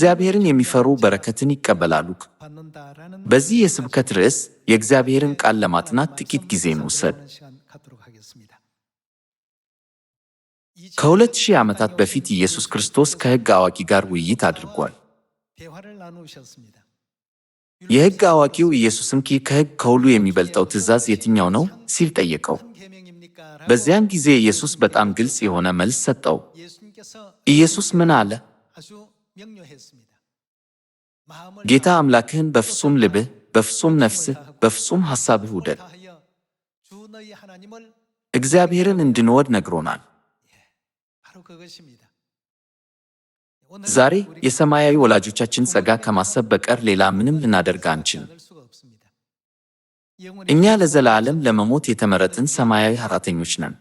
እግዚአብሔርን የሚፈሩ በረከትን ይቀበላሉ። በዚህ የስብከት ርዕስ የእግዚአብሔርን ቃል ለማጥናት ጥቂት ጊዜ እንውሰድ። ከሁለት ሺህ ዓመታት በፊት ኢየሱስ ክርስቶስ ከሕግ አዋቂ ጋር ውይይት አድርጓል። የሕግ አዋቂው ኢየሱስም ከሕግ ከሁሉ የሚበልጠው ትእዛዝ የትኛው ነው ሲል ጠየቀው። በዚያን ጊዜ ኢየሱስ በጣም ግልጽ የሆነ መልስ ሰጠው። ኢየሱስ ምን አለ? ጌታ አምላክህን በፍጹም ልብህ፣ በፍጹም ነፍስህ፣ በፍጹም ሐሳብህ ውደድ። እግዚአብሔርን እንድንወድ ነግሮናል። ዛሬ የሰማያዊ ወላጆቻችን ጸጋ ከማሰብ በቀር ሌላ ምንም ልናደርግ አንችልም። እኛ ለዘላለም ለመሞት የተመረጥን ሰማያዊ ኃጢአተኞች ነን።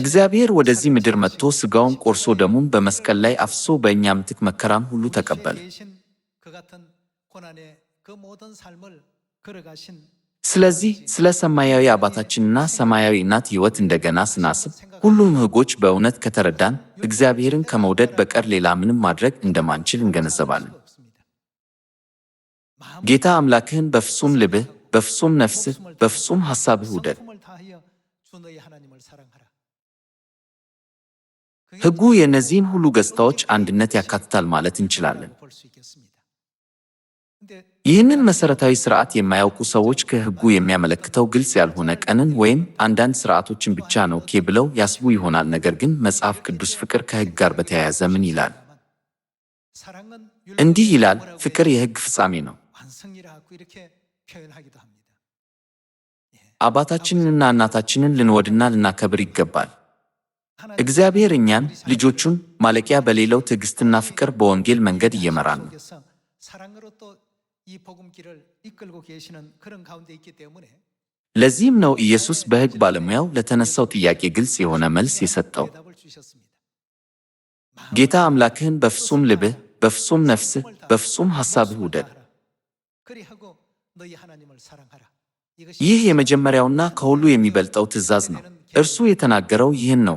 እግዚአብሔር ወደዚህ ምድር መጥቶ ሥጋውን ቆርሶ ደሙን በመስቀል ላይ አፍሶ በእኛ ምትክ መከራን ሁሉ ተቀበለ። ስለዚህ ስለ ሰማያዊ አባታችንና ሰማያዊ እናት ሕይወት እንደገና ስናስብ ሁሉም ሕጎች በእውነት ከተረዳን እግዚአብሔርን ከመውደድ በቀር ሌላ ምንም ማድረግ እንደማንችል እንገነዘባለን። ጌታ አምላክህን በፍጹም ልብህ፣ በፍጹም ነፍስህ፣ በፍጹም ሐሳብህ ውደድ። ሕጉ የእነዚህን ሁሉ ገጽታዎች አንድነት ያካትታል ማለት እንችላለን። ይህንን መሰረታዊ ስርዓት የማያውቁ ሰዎች ከሕጉ የሚያመለክተው ግልጽ ያልሆነ ቀንን ወይም አንዳንድ ስርዓቶችን ብቻ ነው ኬ ብለው ያስቡ ይሆናል። ነገር ግን መጽሐፍ ቅዱስ ፍቅር ከሕግ ጋር በተያያዘ ምን ይላል? እንዲህ ይላል፣ ፍቅር የሕግ ፍጻሜ ነው። አባታችንንና እናታችንን ልንወድና ልናከብር ይገባል። እግዚአብሔር እኛን ልጆቹን ማለቂያ በሌለው ትዕግስትና ፍቅር በወንጌል መንገድ እየመራ ነው። ለዚህም ነው ኢየሱስ በሕግ ባለሙያው ለተነሳው ጥያቄ ግልጽ የሆነ መልስ የሰጠው። ጌታ አምላክህን በፍጹም ልብህ፣ በፍጹም ነፍስህ፣ በፍጹም ሐሳብህ ውደድ። ይህ የመጀመሪያውና ከሁሉ የሚበልጠው ትእዛዝ ነው። እርሱ የተናገረው ይህን ነው።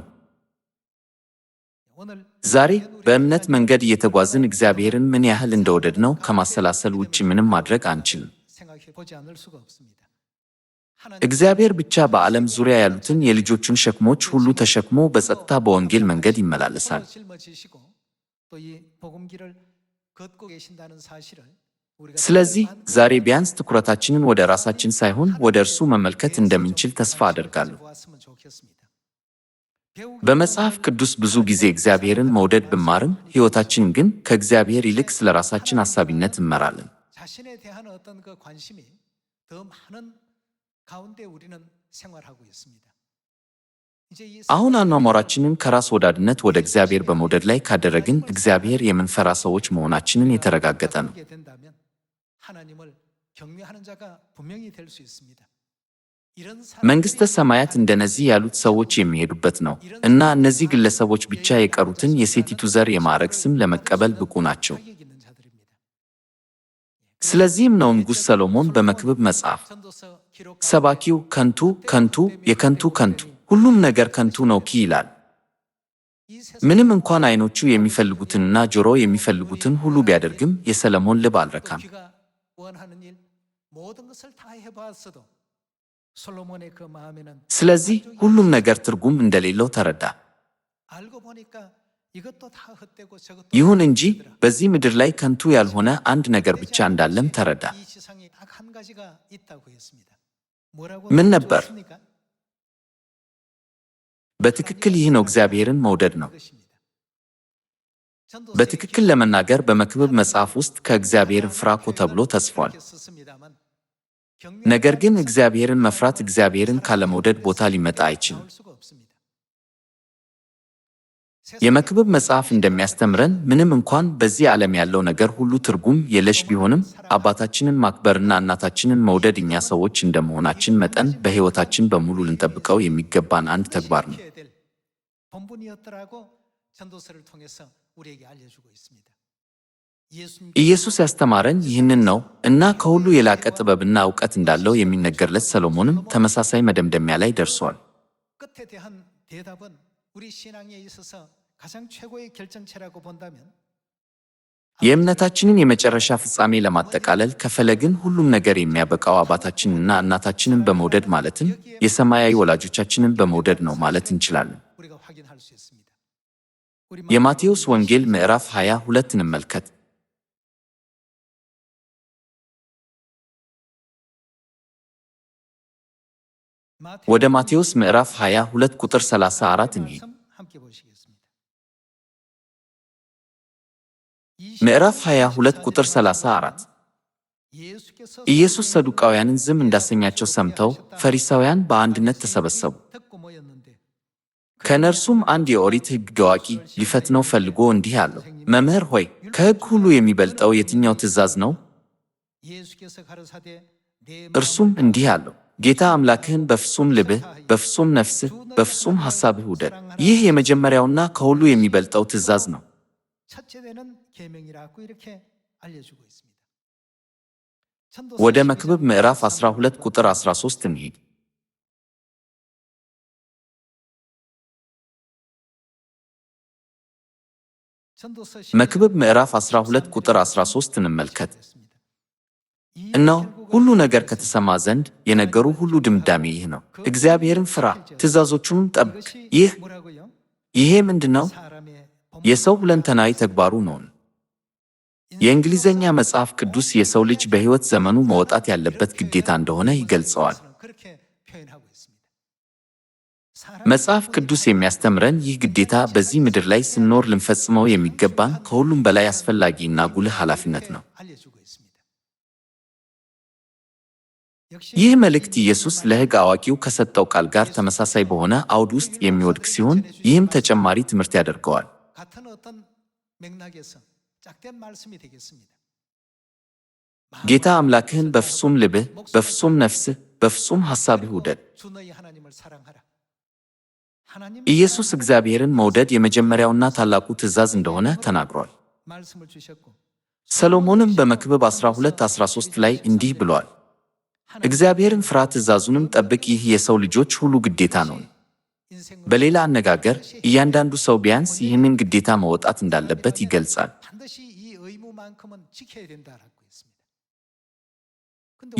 ዛሬ በእምነት መንገድ እየተጓዝን እግዚአብሔርን ምን ያህል እንደወደድነው ከማሰላሰል ውጭ ምንም ማድረግ አንችልም። እግዚአብሔር ብቻ በዓለም ዙሪያ ያሉትን የልጆቹን ሸክሞች ሁሉ ተሸክሞ በጸጥታ በወንጌል መንገድ ይመላለሳል። ስለዚህ ዛሬ ቢያንስ ትኩረታችንን ወደ ራሳችን ሳይሆን ወደ እርሱ መመልከት እንደምንችል ተስፋ አደርጋለሁ። በመጽሐፍ ቅዱስ ብዙ ጊዜ እግዚአብሔርን መውደድ ብማርም ሕይወታችን ግን ከእግዚአብሔር ይልቅ ስለ ራሳችን አሳቢነት እንመራለን። አሁን አኗሟራችንን ከራስ ወዳድነት ወደ እግዚአብሔር በመውደድ ላይ ካደረግን እግዚአብሔር የምንፈራ ሰዎች መሆናችንን የተረጋገጠ ነው። መንግሥተ ሰማያት እንደነዚህ ያሉት ሰዎች የሚሄዱበት ነው እና እነዚህ ግለሰቦች ብቻ የቀሩትን የሴቲቱ ዘር የማዕረግ ስም ለመቀበል ብቁ ናቸው። ስለዚህም ነው ንጉሥ ሰሎሞን በመክብብ መጽሐፍ ሰባኪው ከንቱ ከንቱ፣ የከንቱ ከንቱ፣ ሁሉም ነገር ከንቱ ነው ኪ ይላል። ምንም እንኳን ዐይኖቹ የሚፈልጉትንና ጆሮ የሚፈልጉትን ሁሉ ቢያደርግም የሰለሞን ልብ አልረካም። ስለዚህ ሁሉም ነገር ትርጉም እንደሌለው ተረዳ። ይሁን እንጂ በዚህ ምድር ላይ ከንቱ ያልሆነ አንድ ነገር ብቻ እንዳለም ተረዳ። ምን ነበር? በትክክል ይህ ነው፣ እግዚአብሔርን መውደድ ነው። በትክክል ለመናገር በመክብብ መጽሐፍ ውስጥ ከእግዚአብሔር ፍራኮ ተብሎ ተጽፏል። ነገር ግን እግዚአብሔርን መፍራት እግዚአብሔርን ካለመውደድ ቦታ ሊመጣ አይችልም። የመክብብ መጽሐፍ እንደሚያስተምረን ምንም እንኳን በዚህ ዓለም ያለው ነገር ሁሉ ትርጉም የለሽ ቢሆንም አባታችንን ማክበርና እናታችንን መውደድ እኛ ሰዎች እንደመሆናችን መጠን በሕይወታችን በሙሉ ልንጠብቀው የሚገባን አንድ ተግባር ነው። ኢየሱስ ያስተማረን ይህንን ነው እና ከሁሉ የላቀ ጥበብና እውቀት እንዳለው የሚነገርለት ሰሎሞንም ተመሳሳይ መደምደሚያ ላይ ደርሷል። የእምነታችንን የመጨረሻ ፍጻሜ ለማጠቃለል ከፈለግን ሁሉም ነገር የሚያበቃው አባታችንና እናታችንን በመውደድ ማለትም የሰማያዊ ወላጆቻችንን በመውደድ ነው ማለት እንችላለን። የማቴዎስ ወንጌል ምዕራፍ 22 እንመልከት። ወደ ማቴዎስ ምዕራፍ 22 ቁጥር 34 እንሂድ። ምዕራፍ 22 ቁጥር 34 ኢየሱስ ሰዱቃውያንን ዝም እንዳሰኛቸው ሰምተው ፈሪሳውያን በአንድነት ተሰበሰቡ። ከእነርሱም አንድ የኦሪት ሕግ አዋቂ ሊፈትነው ፈልጎ እንዲህ አለው፣ መምህር ሆይ ከሕግ ሁሉ የሚበልጠው የትኛው ትእዛዝ ነው? እርሱም እንዲህ አለው ጌታ አምላክህን በፍጹም ልብህ፣ በፍጹም ነፍስህ፣ በፍጹም ሐሳብህ ውደድ። ይህ የመጀመሪያውና ከሁሉ የሚበልጠው ትእዛዝ ነው። ወደ መክብብ ምዕራፍ 12 ቁጥር 13 እንሂድ። መክብብ ምዕራፍ 12 ቁጥር 13 እንመልከት። እነሆ ሁሉ ነገር ከተሰማ ዘንድ የነገሩ ሁሉ ድምዳሜ ይህ ነው፣ እግዚአብሔርን ፍራ፣ ትእዛዞቹንም ጠብቅ። ይህ ይሄ ምንድን ነው? የሰው ሁለንተናዊ ተግባሩ ነውን። የእንግሊዝኛ መጽሐፍ ቅዱስ የሰው ልጅ በሕይወት ዘመኑ መውጣት ያለበት ግዴታ እንደሆነ ይገልጸዋል። መጽሐፍ ቅዱስ የሚያስተምረን ይህ ግዴታ በዚህ ምድር ላይ ስንኖር ልንፈጽመው የሚገባን ከሁሉም በላይ አስፈላጊ እና ጉልህ ኃላፊነት ነው። ይህ መልእክት ኢየሱስ ለሕግ አዋቂው ከሰጠው ቃል ጋር ተመሳሳይ በሆነ አውድ ውስጥ የሚወድቅ ሲሆን ይህም ተጨማሪ ትምህርት ያደርገዋል። ጌታ አምላክህን በፍጹም ልብህ፣ በፍጹም ነፍስህ፣ በፍጹም ሐሳብህ ውደድ። ኢየሱስ እግዚአብሔርን መውደድ የመጀመሪያውና ታላቁ ትእዛዝ እንደሆነ ተናግሯል። ሰሎሞንም በመክብብ 12 13 ላይ እንዲህ ብሏል እግዚአብሔርን ፍራ፣ ትእዛዙንም ጠብቅ። ይህ የሰው ልጆች ሁሉ ግዴታ ነው። በሌላ አነጋገር እያንዳንዱ ሰው ቢያንስ ይህንን ግዴታ መወጣት እንዳለበት ይገልጻል።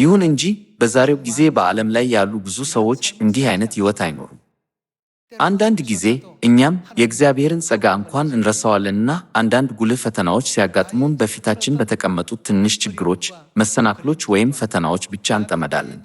ይሁን እንጂ በዛሬው ጊዜ በዓለም ላይ ያሉ ብዙ ሰዎች እንዲህ አይነት ሕይወት አይኖሩም። አንዳንድ ጊዜ እኛም የእግዚአብሔርን ጸጋ እንኳን እንረሳዋለንና አንዳንድ ጉልህ ፈተናዎች ሲያጋጥሙን በፊታችን በተቀመጡት ትንሽ ችግሮች፣ መሰናክሎች ወይም ፈተናዎች ብቻ እንጠመዳለን።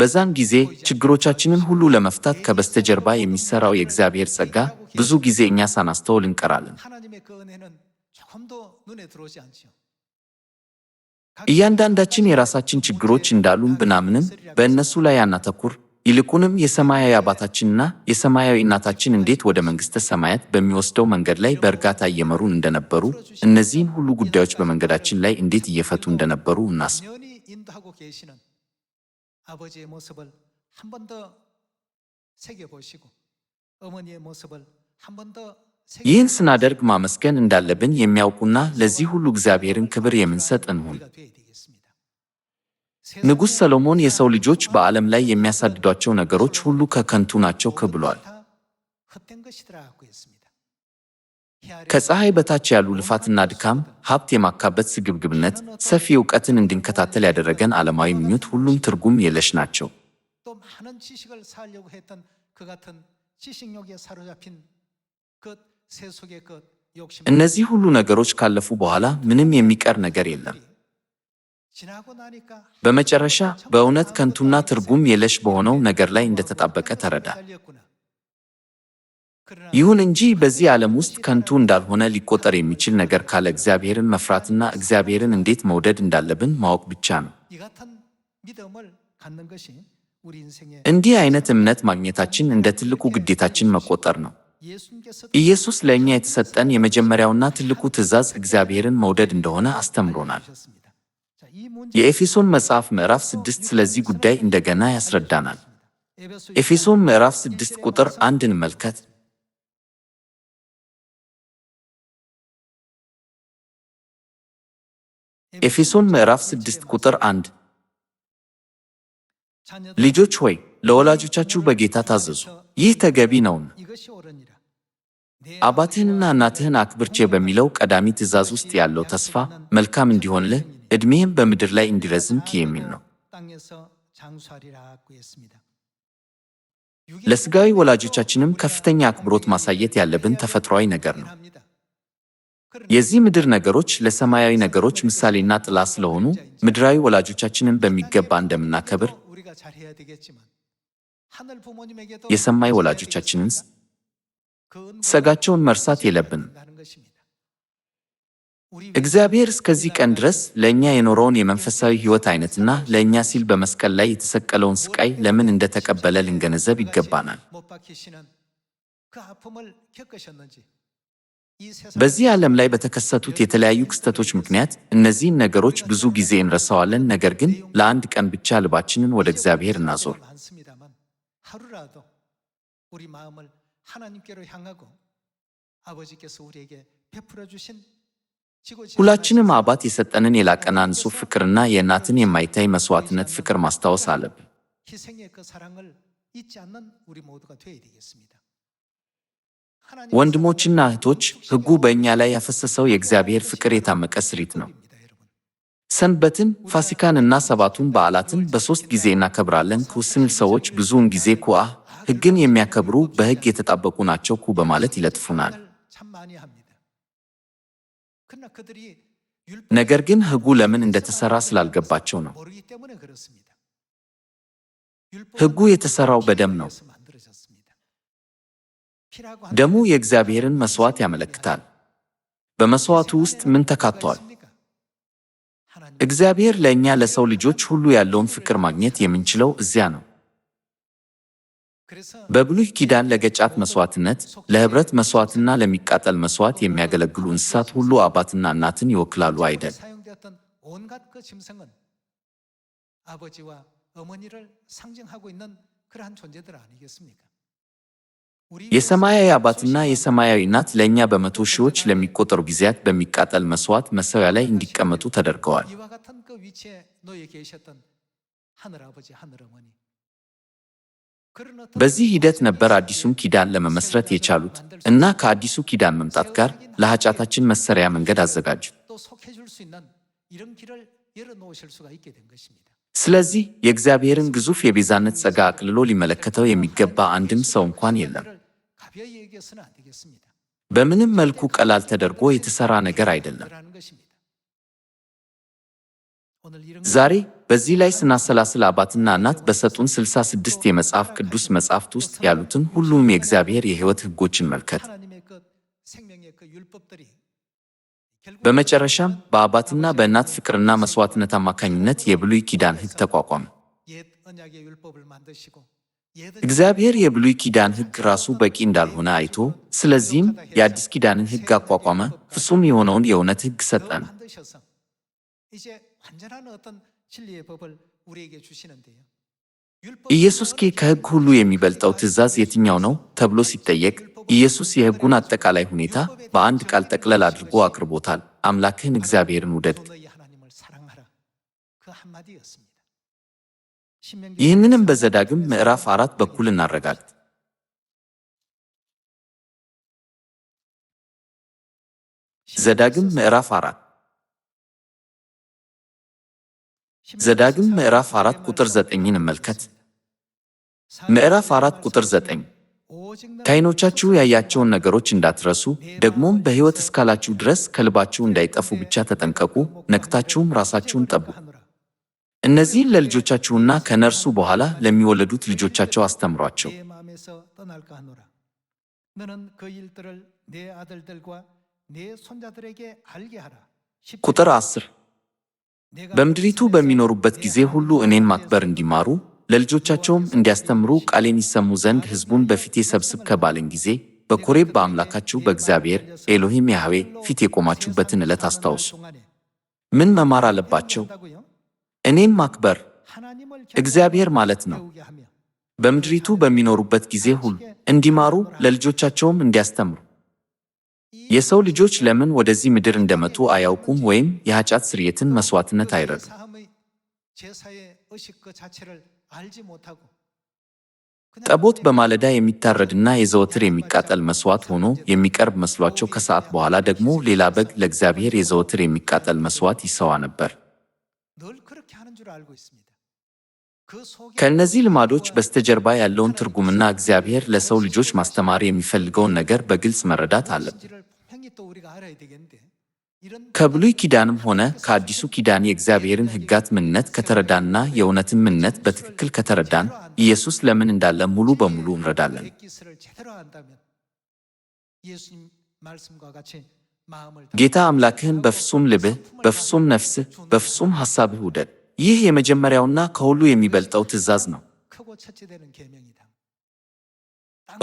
በዛን ጊዜ ችግሮቻችንን ሁሉ ለመፍታት ከበስተጀርባ የሚሰራው የእግዚአብሔር ጸጋ ብዙ ጊዜ እኛ ሳናስተውል እንቀራለን። እያንዳንዳችን የራሳችን ችግሮች እንዳሉን ብናምንም በእነሱ ላይ አናተኩር። ይልቁንም የሰማያዊ አባታችንና የሰማያዊ እናታችን እንዴት ወደ መንግሥተ ሰማያት በሚወስደው መንገድ ላይ በእርጋታ እየመሩን እንደነበሩ፣ እነዚህን ሁሉ ጉዳዮች በመንገዳችን ላይ እንዴት እየፈቱ እንደነበሩ እናስብ። ይህን ስናደርግ ማመስገን እንዳለብን የሚያውቁና ለዚህ ሁሉ እግዚአብሔርን ክብር የምንሰጥ እንሁን። ንጉሥ ሰሎሞን የሰው ልጆች በዓለም ላይ የሚያሳድዷቸው ነገሮች ሁሉ ከከንቱ ናቸው ብሏል። ከፀሐይ በታች ያሉ ልፋትና ድካም፣ ሀብት የማካበት ስግብግብነት፣ ሰፊ እውቀትን እንድንከታተል ያደረገን ዓለማዊ ምኞት ሁሉም ትርጉም የለሽ ናቸው። እነዚህ ሁሉ ነገሮች ካለፉ በኋላ ምንም የሚቀር ነገር የለም። በመጨረሻ በእውነት ከንቱና ትርጉም የለሽ በሆነው ነገር ላይ እንደተጣበቀ ተረዳ። ይሁን እንጂ በዚህ ዓለም ውስጥ ከንቱ እንዳልሆነ ሊቆጠር የሚችል ነገር ካለ እግዚአብሔርን መፍራትና እግዚአብሔርን እንዴት መውደድ እንዳለብን ማወቅ ብቻ ነው። እንዲህ አይነት እምነት ማግኘታችን እንደ ትልቁ ግዴታችን መቆጠር ነው። ኢየሱስ ለእኛ የተሰጠን የመጀመሪያውና ትልቁ ትእዛዝ እግዚአብሔርን መውደድ እንደሆነ አስተምሮናል። የኤፌሶን መጽሐፍ ምዕራፍ 6 ስለዚህ ጉዳይ እንደገና ያስረዳናል። ኤፌሶን ምዕራፍ 6 ቁጥር አንድ እንመልከት። ኤፌሶን ምዕራፍ 6 ቁጥር አንድ ልጆች ሆይ ለወላጆቻችሁ በጌታ ታዘዙ፣ ይህ ተገቢ ነውና። አባትህንና እናትህን አክብርቼ በሚለው ቀዳሚ ትእዛዝ ውስጥ ያለው ተስፋ መልካም እንዲሆንልህ ዕድሜህም በምድር ላይ እንዲረዝምክ የሚል ነው። ለሥጋዊ ወላጆቻችንም ከፍተኛ አክብሮት ማሳየት ያለብን ተፈጥሯዊ ነገር ነው። የዚህ ምድር ነገሮች ለሰማያዊ ነገሮች ምሳሌና ጥላ ስለሆኑ ምድራዊ ወላጆቻችንን በሚገባ እንደምናከብር የሰማይ ወላጆቻችንን ሰጋቸውን መርሳት የለብን። እግዚአብሔር እስከዚህ ቀን ድረስ ለእኛ የኖረውን የመንፈሳዊ ሕይወት አይነትና ለእኛ ሲል በመስቀል ላይ የተሰቀለውን ስቃይ ለምን እንደተቀበለ ልንገነዘብ ይገባናል። በዚህ ዓለም ላይ በተከሰቱት የተለያዩ ክስተቶች ምክንያት እነዚህን ነገሮች ብዙ ጊዜ እንረሳዋለን። ነገር ግን ለአንድ ቀን ብቻ ልባችንን ወደ እግዚአብሔር እናዞር። 하나님께로 향하고 아버지께서 우리에게 베풀어 주신 ሁላችንም አባት የሰጠንን የላቀን አንሱ ፍቅርና የእናትን የማይታይ መስዋዕትነት ፍቅር ማስታወስ አለብን። ወንድሞችና እህቶች፣ ሕጉ በእኛ ላይ ያፈሰሰው የእግዚአብሔር ፍቅር የታመቀ ስሪት ነው። ሰንበትን፣ ፋሲካንና ሰባቱን በዓላትን በሦስት ጊዜ እናከብራለን። ውስን ሰዎች ብዙውን ጊዜ ኩአ ሕግን የሚያከብሩ በሕግ የተጣበቁ ናቸው ኩ በማለት ይለጥፉናል። ነገር ግን ሕጉ ለምን እንደተሰራ ስላልገባቸው ነው። ሕጉ የተሰራው በደም ነው። ደሙ የእግዚአብሔርን መሥዋዕት ያመለክታል። በመሥዋዕቱ ውስጥ ምን ተካቷል? እግዚአብሔር ለእኛ ለሰው ልጆች ሁሉ ያለውን ፍቅር ማግኘት የምንችለው እዚያ ነው። በብሉይ ኪዳን ለገጫት መስዋዕትነት፣ ለህብረት መስዋዕትና ለሚቃጠል መስዋዕት የሚያገለግሉ እንስሳት ሁሉ አባትና እናትን ይወክላሉ አይደል? የሰማያዊ አባትና የሰማያዊ እናት ለእኛ በመቶ ሺዎች ለሚቆጠሩ ጊዜያት በሚቃጠል መስዋዕት መሠዊያ ላይ እንዲቀመጡ ተደርገዋል። በዚህ ሂደት ነበር አዲሱን ኪዳን ለመመስረት የቻሉት እና ከአዲሱ ኪዳን መምጣት ጋር ለኃጢአታችን መሰሪያ መንገድ አዘጋጁ። ስለዚህ የእግዚአብሔርን ግዙፍ የቤዛነት ጸጋ አቅልሎ ሊመለከተው የሚገባ አንድም ሰው እንኳን የለም። በምንም መልኩ ቀላል ተደርጎ የተሰራ ነገር አይደለም። ዛሬ በዚህ ላይ ስናሰላስል አባትና እናት በሰጡን 66 የመጽሐፍ ቅዱስ መጽሐፍት ውስጥ ያሉትን ሁሉም የእግዚአብሔር የሕይወት ሕጎችን መልከት። በመጨረሻም በአባትና በእናት ፍቅርና መስዋዕትነት አማካኝነት የብሉይ ኪዳን ሕግ ተቋቋመ። እግዚአብሔር የብሉይ ኪዳን ሕግ ራሱ በቂ እንዳልሆነ አይቶ፣ ስለዚህም የአዲስ ኪዳንን ሕግ አቋቋመ፣ ፍጹም የሆነውን የእውነት ሕግ ሰጠን። ኢየሱስ ኬ ከሕግ ሁሉ የሚበልጠው ትእዛዝ የትኛው ነው ተብሎ ሲጠየቅ ኢየሱስ የሕጉን አጠቃላይ ሁኔታ በአንድ ቃል ጠቅለል አድርጎ አቅርቦታል። አምላክህን እግዚአብሔርን ውደድ። ይህንንም በዘዳግም ምዕራፍ አራት በኩል እናረጋግጥ። ዘዳግም ምዕራፍ አራት ዘዳግም ምዕራፍ 4 ቁጥር 9 እንመልከት። ምዕራፍ 4 ቁጥር 9 ከዓይኖቻችሁ ያያቸውን ነገሮች እንዳትረሱ፣ ደግሞም በሕይወት እስካላችሁ ድረስ ከልባችሁ እንዳይጠፉ ብቻ ተጠንቀቁ፣ ነቅታችሁም ራሳችሁን ጠብቁ። እነዚህን ለልጆቻችሁና ከነርሱ በኋላ ለሚወለዱት ልጆቻቸው አስተምሯቸው። ቁጥር 10 በምድሪቱ በሚኖሩበት ጊዜ ሁሉ እኔን ማክበር እንዲማሩ ለልጆቻቸውም እንዲያስተምሩ ቃሌን ይሰሙ ዘንድ ሕዝቡን በፊቴ ሰብስብ ከባለኝ ጊዜ በኮሬብ በአምላካችሁ በእግዚአብሔር ኤሎሂም ያህዌ ፊት የቆማችሁበትን ዕለት አስታውሱ። ምን መማር አለባቸው? እኔን ማክበር እግዚአብሔር ማለት ነው። በምድሪቱ በሚኖሩበት ጊዜ ሁሉ እንዲማሩ ለልጆቻቸውም እንዲያስተምሩ የሰው ልጆች ለምን ወደዚህ ምድር እንደመጡ አያውቁም፣ ወይም የኃጢአት ስርየትን መስዋዕትነት አይረዱም። ጠቦት በማለዳ የሚታረድና የዘወትር የሚቃጠል መስዋዕት ሆኖ የሚቀርብ መስሏቸው ከሰዓት በኋላ ደግሞ ሌላ በግ ለእግዚአብሔር የዘወትር የሚቃጠል መስዋዕት ይሰዋ ነበር። ከእነዚህ ልማዶች በስተጀርባ ያለውን ትርጉምና እግዚአብሔር ለሰው ልጆች ማስተማር የሚፈልገውን ነገር በግልጽ መረዳት አለብን። ከብሉይ ኪዳንም ሆነ ከአዲሱ ኪዳን የእግዚአብሔርን ሕጋት ምንነት ከተረዳንና የእውነትን ምንነት በትክክል ከተረዳን ኢየሱስ ለምን እንዳለ ሙሉ በሙሉ እንረዳለን። ጌታ አምላክህን በፍጹም ልብህ፣ በፍጹም ነፍስህ፣ በፍጹም ሐሳብህ ውደድ ይህ የመጀመሪያውና ከሁሉ የሚበልጠው ትእዛዝ ነው።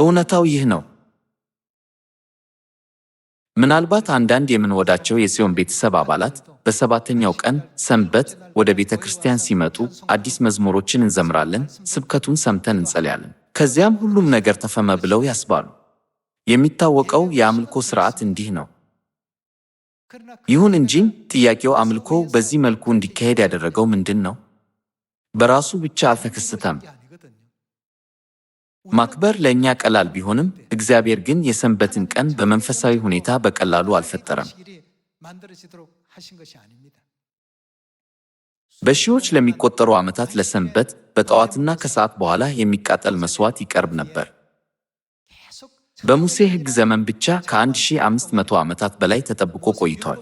እውነታው ይህ ነው። ምናልባት አንዳንድ የምንወዳቸው የጽዮን ቤተሰብ አባላት በሰባተኛው ቀን ሰንበት ወደ ቤተ ክርስቲያን ሲመጡ አዲስ መዝሙሮችን እንዘምራለን፣ ስብከቱን ሰምተን እንጸልያለን፣ ከዚያም ሁሉም ነገር ተፈመ ብለው ያስባሉ። የሚታወቀው የአምልኮ ሥርዓት እንዲህ ነው። ይሁን እንጂ ጥያቄው አምልኮ በዚህ መልኩ እንዲካሄድ ያደረገው ምንድን ነው? በራሱ ብቻ አልተከሰተም። ማክበር ለእኛ ቀላል ቢሆንም እግዚአብሔር ግን የሰንበትን ቀን በመንፈሳዊ ሁኔታ በቀላሉ አልፈጠረም። በሺዎች ለሚቆጠሩ ዓመታት ለሰንበት በጠዋትና ከሰዓት በኋላ የሚቃጠል መሥዋዕት ይቀርብ ነበር። በሙሴ ሕግ ዘመን ብቻ ከ1500 ዓመታት በላይ ተጠብቆ ቆይቷል።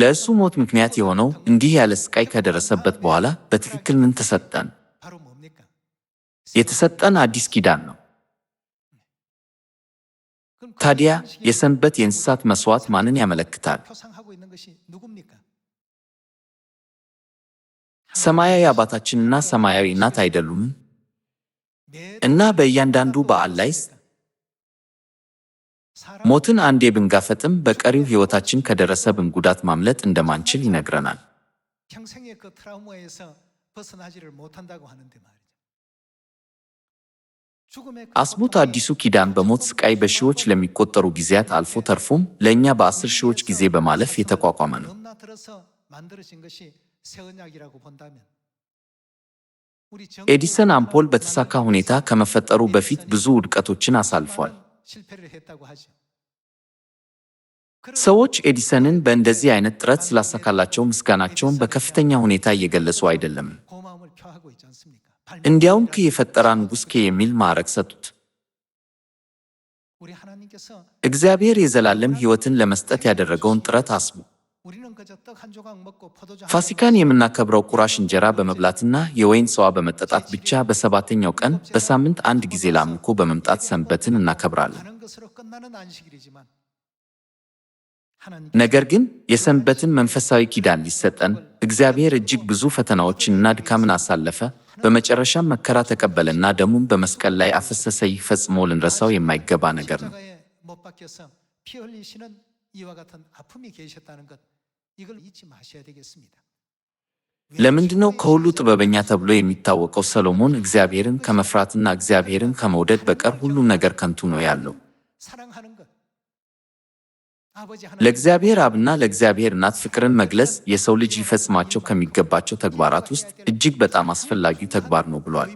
ለእሱ ሞት ምክንያት የሆነው እንዲህ ያለ ስቃይ ከደረሰበት በኋላ በትክክል ምን ተሰጠን? የተሰጠን አዲስ ኪዳን ነው። ታዲያ የሰንበት የእንስሳት መሥዋዕት ማንን ያመለክታል? ሰማያዊ አባታችንና ሰማያዊ እናት አይደሉም? እና በእያንዳንዱ በዓል ላይ ሞትን አንዴ ብንጋፈጥም በቀሪው ሕይወታችን ከደረሰብን ጉዳት ማምለጥ እንደማንችል ይነግረናል። አስቡት፣ አዲሱ ኪዳን በሞት ስቃይ በሺዎች ለሚቆጠሩ ጊዜያት አልፎ ተርፎም ለእኛ በአስር ሺዎች ጊዜ በማለፍ የተቋቋመ ነው። ኤዲሰን አምፖል በተሳካ ሁኔታ ከመፈጠሩ በፊት ብዙ ውድቀቶችን አሳልፏል። ሰዎች ኤዲሰንን በእንደዚህ አይነት ጥረት ስላሳካላቸው ምስጋናቸውን በከፍተኛ ሁኔታ እየገለጹ አይደለም። እንዲያውም ክ የፈጠራ ንጉሥ ኬ የሚል ማዕረግ ሰጡት። እግዚአብሔር የዘላለም ሕይወትን ለመስጠት ያደረገውን ጥረት አስቡ። ፋሲካን የምናከብረው ቁራሽ እንጀራ በመብላትና የወይን ሰዋ በመጠጣት ብቻ በሰባተኛው ቀን በሳምንት አንድ ጊዜ ለአምልኮ በመምጣት ሰንበትን እናከብራለን። ነገር ግን የሰንበትን መንፈሳዊ ኪዳን ሊሰጠን እግዚአብሔር እጅግ ብዙ ፈተናዎችንና ድካምን አሳለፈ። በመጨረሻም መከራ ተቀበለና ደሙን በመስቀል ላይ አፈሰሰ። ይህ ፈጽሞ ልንረሳው የማይገባ ነገር ነው። ለምንድነው ከሁሉ ጥበበኛ ተብሎ የሚታወቀው ሰሎሞን እግዚአብሔርን ከመፍራትና እግዚአብሔርን ከመውደድ በቀር ሁሉም ነገር ከንቱ ነው ያለው? ለእግዚአብሔር አብና ለእግዚአብሔር እናት ፍቅርን መግለጽ የሰው ልጅ ሊፈጽማቸው ከሚገባቸው ተግባራት ውስጥ እጅግ በጣም አስፈላጊ ተግባር ነው ብሏል።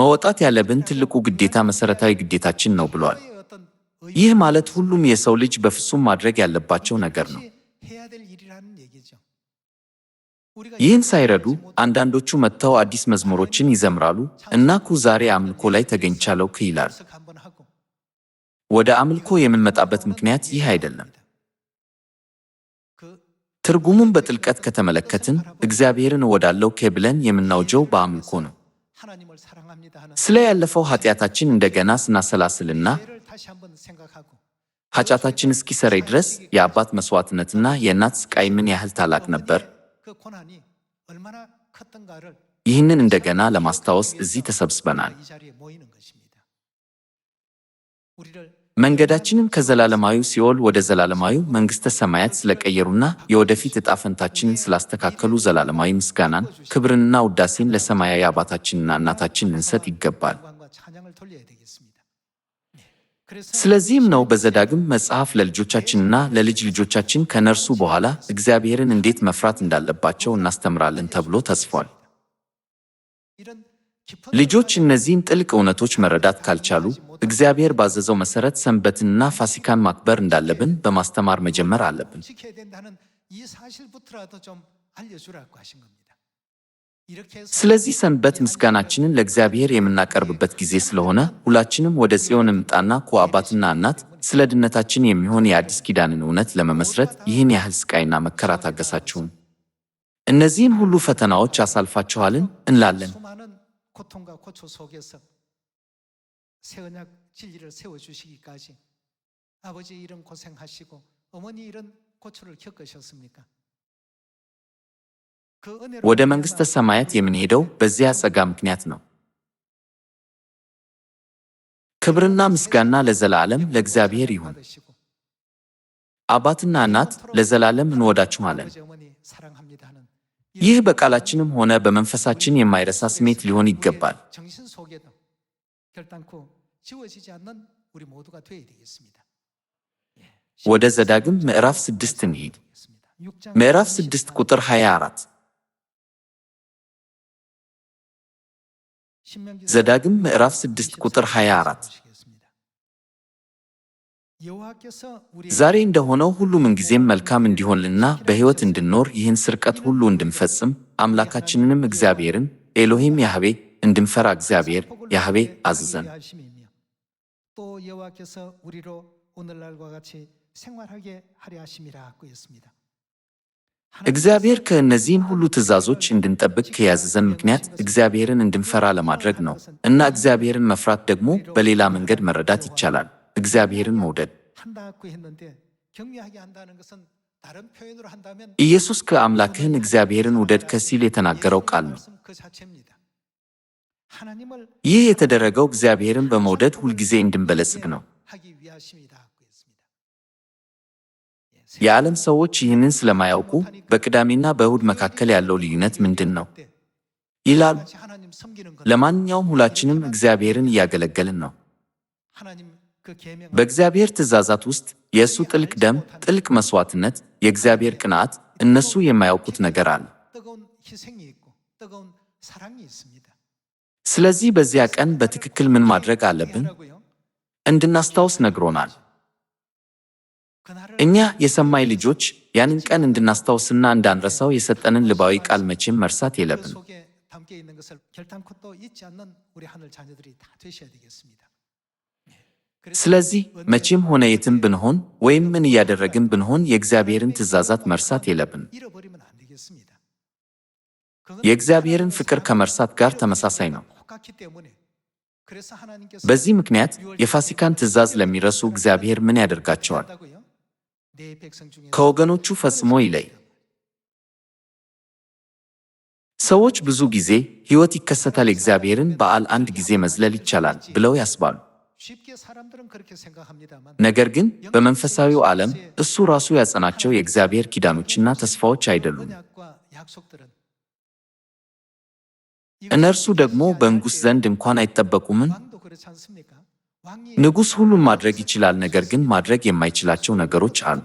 መወጣት ያለብን ትልቁ ግዴታ መሠረታዊ ግዴታችን ነው ብሏል። ይህ ማለት ሁሉም የሰው ልጅ በፍጹም ማድረግ ያለባቸው ነገር ነው። ይህን ሳይረዱ አንዳንዶቹ መጥተው አዲስ መዝሙሮችን ይዘምራሉ እና ኩ ዛሬ አምልኮ ላይ ተገኝቻለው ክ ወደ አምልኮ የምንመጣበት ምክንያት ይህ አይደለም። ትርጉሙን በጥልቀት ከተመለከትን እግዚአብሔርን እወዳለሁ ክ ብለን የምናውጀው በአምልኮ ነው። ስለ ያለፈው ኃጢአታችን እንደገና ስናሰላስልና ኃጢአታችን እስኪሰረይ ድረስ የአባት መስዋዕትነትና የእናት ሥቃይ ምን ያህል ታላቅ ነበር። ይህንን እንደገና ለማስታወስ እዚህ ተሰብስበናል። መንገዳችንን ከዘላለማዊው ሲኦል ወደ ዘላለማዊው መንግሥተ ሰማያት ስለቀየሩና የወደፊት ዕጣ ፈንታችንን ስላስተካከሉ ዘላለማዊ ምስጋናን፣ ክብርንና ውዳሴን ለሰማያዊ አባታችንና እናታችን ልንሰጥ ይገባል። ስለዚህም ነው በዘዳግም መጽሐፍ ለልጆቻችንና ለልጅ ልጆቻችን ከነርሱ በኋላ እግዚአብሔርን እንዴት መፍራት እንዳለባቸው እናስተምራለን ተብሎ ተጽፏል። ልጆች እነዚህን ጥልቅ እውነቶች መረዳት ካልቻሉ እግዚአብሔር ባዘዘው መሠረት ሰንበትንና ፋሲካን ማክበር እንዳለብን በማስተማር መጀመር አለብን። ስለዚህ ሰንበት ምስጋናችንን ለእግዚአብሔር የምናቀርብበት ጊዜ ስለሆነ ሁላችንም ወደ ጽዮን እንምጣና ኮ አባትና እናት ስለ ድነታችን የሚሆን የአዲስ ኪዳንን እውነት ለመመስረት ይህን ያህል ስቃይና መከራ ታገሳችሁን፣ እነዚህን ሁሉ ፈተናዎች አሳልፋችኋልን እንላለን። ወደ መንግሥተ ሰማያት የምንሄደው በዚያ ጸጋ ምክንያት ነው። ክብርና ምስጋና ለዘላለም ለእግዚአብሔር ይሁን። አባትና እናት ለዘላለም እንወዳችኋለን። ይህ በቃላችንም ሆነ በመንፈሳችን የማይረሳ ስሜት ሊሆን ይገባል። ወደ ዘዳግም ምዕራፍ ስድስት እንሂድ። ምዕራፍ ስድስት ቁጥር 24 ዘዳግም ምዕራፍ 6 ቁጥር 24 ዛሬ እንደሆነው ሁሉ ምንጊዜም መልካም እንዲሆንልና በሕይወት እንድንኖር ይህን ስርቀት ሁሉ እንድንፈጽም አምላካችንንም እግዚአብሔርን ኤሎሂም ያህቤ እንድንፈራ እግዚአብሔር ያህቤ አዘዘን። 또 여호와께서 우리로 오늘날과 같이 하려 하심이라 고였습니다. እግዚአብሔር ከእነዚህን ሁሉ ትእዛዞች እንድንጠብቅ ከያዘዘን ምክንያት እግዚአብሔርን እንድንፈራ ለማድረግ ነው እና እግዚአብሔርን መፍራት ደግሞ በሌላ መንገድ መረዳት ይቻላል። እግዚአብሔርን መውደድ። ኢየሱስ ከአምላክህን እግዚአብሔርን ውደድ ከሲል የተናገረው ቃል ነው። ይህ የተደረገው እግዚአብሔርን በመውደድ ሁልጊዜ እንድንበለጽግ ነው። የዓለም ሰዎች ይህንን ስለማያውቁ በቅዳሜና በእሁድ መካከል ያለው ልዩነት ምንድን ነው ይላሉ። ለማንኛውም ሁላችንም እግዚአብሔርን እያገለገልን ነው። በእግዚአብሔር ትእዛዛት ውስጥ የእሱ ጥልቅ ደም፣ ጥልቅ መሥዋዕትነት፣ የእግዚአብሔር ቅንዓት፣ እነሱ የማያውቁት ነገር አለ። ስለዚህ በዚያ ቀን በትክክል ምን ማድረግ አለብን እንድናስታውስ ነግሮናል። እኛ የሰማይ ልጆች ያንን ቀን እንድናስታውስና እንዳንረሳው የሰጠንን ልባዊ ቃል መቼም መርሳት የለብን። ስለዚህ መቼም ሆነ የትም ብንሆን ወይም ምን እያደረግን ብንሆን የእግዚአብሔርን ትእዛዛት መርሳት የለብን። የእግዚአብሔርን ፍቅር ከመርሳት ጋር ተመሳሳይ ነው። በዚህ ምክንያት የፋሲካን ትእዛዝ ለሚረሱ እግዚአብሔር ምን ያደርጋቸዋል? ከወገኖቹ ፈጽሞ ይለይ። ሰዎች ብዙ ጊዜ ሕይወት ይከሰታል፣ የእግዚአብሔርን በዓል አንድ ጊዜ መዝለል ይቻላል ብለው ያስባሉ። ነገር ግን በመንፈሳዊው ዓለም እሱ ራሱ ያጸናቸው የእግዚአብሔር ኪዳኖችና ተስፋዎች አይደሉም። እነርሱ ደግሞ በንጉሥ ዘንድ እንኳን አይጠበቁምን? ንጉሥ ሁሉን ማድረግ ይችላል፣ ነገር ግን ማድረግ የማይችላቸው ነገሮች አሉ።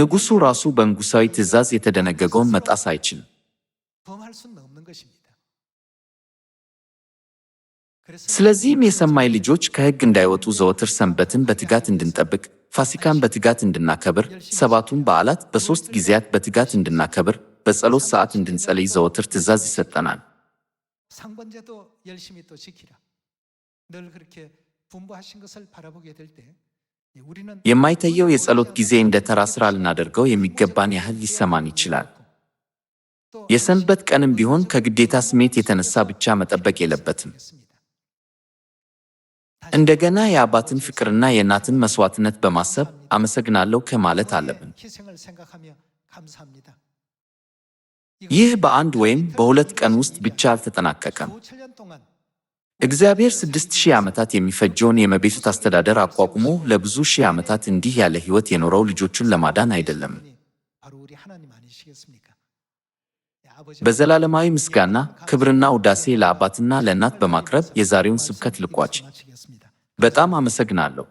ንጉሡ ራሱ በንጉሣዊ ትእዛዝ የተደነገገውን መጣስ አይችልም። ስለዚህም የሰማይ ልጆች ከሕግ እንዳይወጡ ዘወትር ሰንበትን በትጋት እንድንጠብቅ፣ ፋሲካን በትጋት እንድናከብር፣ ሰባቱን በዓላት በሦስት ጊዜያት በትጋት እንድናከብር፣ በጸሎት ሰዓት እንድንጸልይ ዘወትር ትእዛዝ ይሰጠናል። 상번제도 열심히 또 지키라. 늘 그렇게 분부하신 것을 바라보게 될 때. የማይታየው የጸሎት ጊዜ እንደ ተራ ስራ ልናደርገው የሚገባን ያህል ሊሰማን ይችላል። የሰንበት ቀንም ቢሆን ከግዴታ ስሜት የተነሳ ብቻ መጠበቅ የለበትም። እንደገና የአባትን ፍቅርና የእናትን መስዋዕትነት በማሰብ አመሰግናለሁ ከማለት አለብን። ይህ በአንድ ወይም በሁለት ቀን ውስጥ ብቻ አልተጠናቀቀም። እግዚአብሔር ስድስት ሺህ ዓመታት የሚፈጀውን የመቤቱት አስተዳደር አቋቁሞ ለብዙ ሺህ ዓመታት እንዲህ ያለ ሕይወት የኖረው ልጆቹን ለማዳን አይደለም። በዘላለማዊ ምስጋና ክብርና ውዳሴ ለአባትና ለእናት በማቅረብ የዛሬውን ስብከት ልቋጭ። በጣም አመሰግናለሁ።